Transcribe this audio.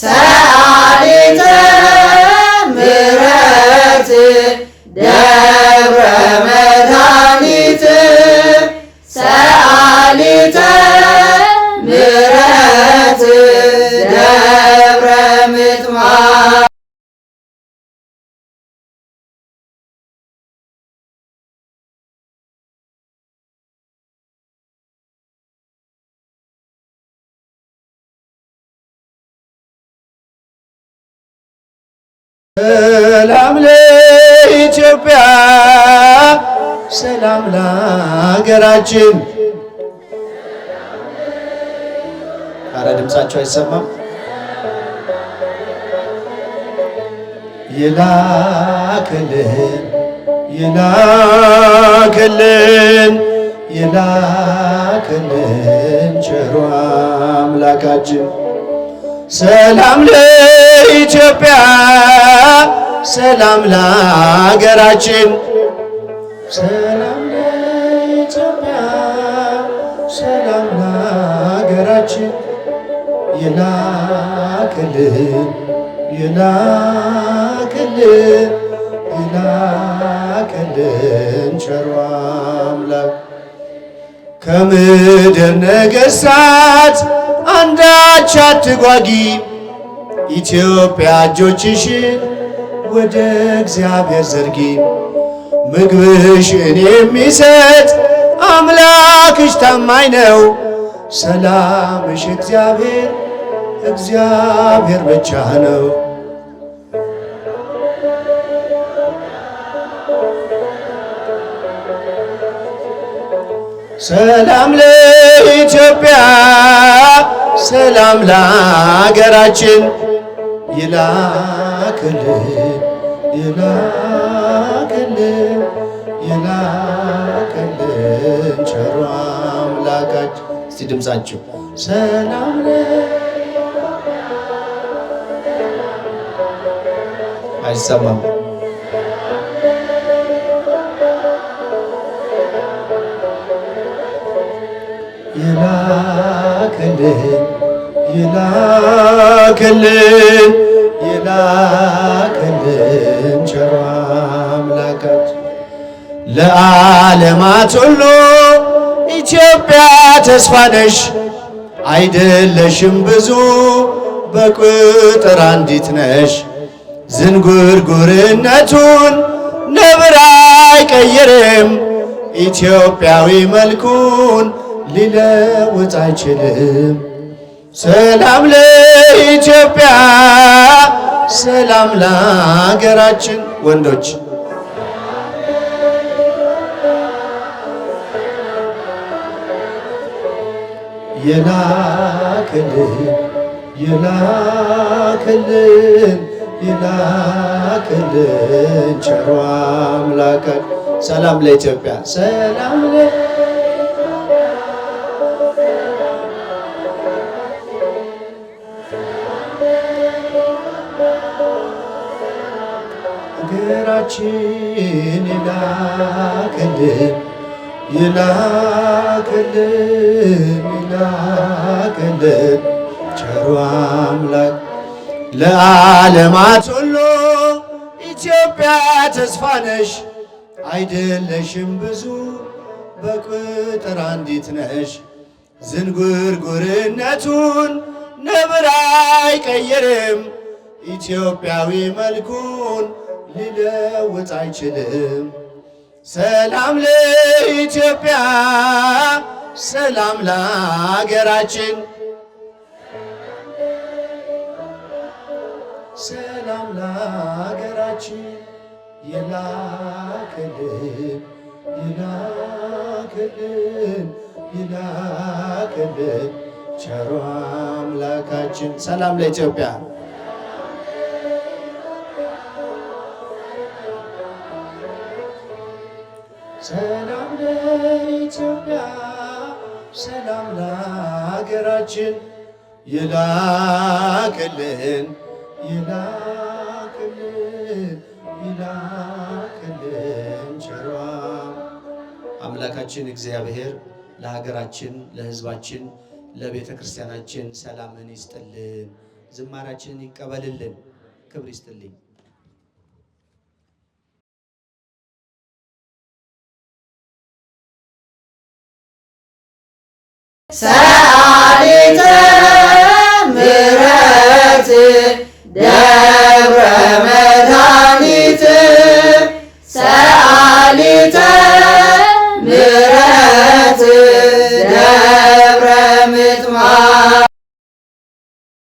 ሰአሊተ ምሕረት ሰላም ለሀገራችን። አረ ድምፃቸው አይሰማም ይላክልን ይላክልን ይላክልን ቸሩ አምላካችን ሰላም ለኢትዮጵያ ሰላም ለሀገራችን ሰላም ለኢትዮጵያ ሰላም ለሀገራችን ይላክልን ይላክልን ይላክልን ቸሩ አምላክ ከምድር ነገሥታት አንዳች አትጓጊ ኢትዮጵያ እጆችሽን ወደ እግዚአብሔር ዘርጊ ምግብሽን የሚሰጥ አምላክሽ ታማኝ ነው። ሰላምሽ እግዚአብሔር እግዚአብሔር ብቻ ነው። ሰላም ለኢትዮጵያ ሰላም ለሀገራችን ይላክልን ይላ ይላክልን ይላክልን ቸሩ አምላካችን። እስቲ ድምፃችሁ ሰላም አይሰማም። ይላክልን ይላክልን ይላክልን ቸሩ ለዓለማት ሁሉ ኢትዮጵያ ተስፋ ነሽ አይደለሽም ብዙ በቁጥር አንዲት ነሽ። ዝንጉርጉርነቱን ነብር አይቀይርም፣ ኢትዮጵያዊ መልኩን ሊለውጥ አይችልም። ሰላም ለኢትዮጵያ፣ ሰላም ለሀገራችን። ወንዶች የላክልን የላክልን ይላክልን ቸሮ አምላከ ሰላም ለኢትዮጵያ ሰላም ሀገራችን የላክልን ይላክልን ይላክልን ቸሩ አምላክ ለዓለማት ሁሉ ኢትዮጵያ ተስፋ ነሽ አይደለሽም ብዙ በቁጥር አንዲት ነሽ። ዝንጉርጉርነቱን ነብር አይቀይርም፣ ኢትዮጵያዊ መልኩን ሊለውጥ አይችልም። ሰላም ሰላም ለሀገራችን፣ ሰላም ለሀገራችን የላክልን የላክልን ይላክልን ቸሮ አምላካችን። ሰላም ለኢትዮጵያ ሰላም ለኢትዮጵያ ሰላም ለሀገራችን ይላክልን ይላክልን ይላክልን ቸሯ አምላካችን እግዚአብሔር ለሀገራችን፣ ለሕዝባችን፣ ለቤተ ክርስቲያናችን ሰላምን ይስጥልን። ዝማራችንን ይቀበልልን። ክብር ይስጥልኝ። sa a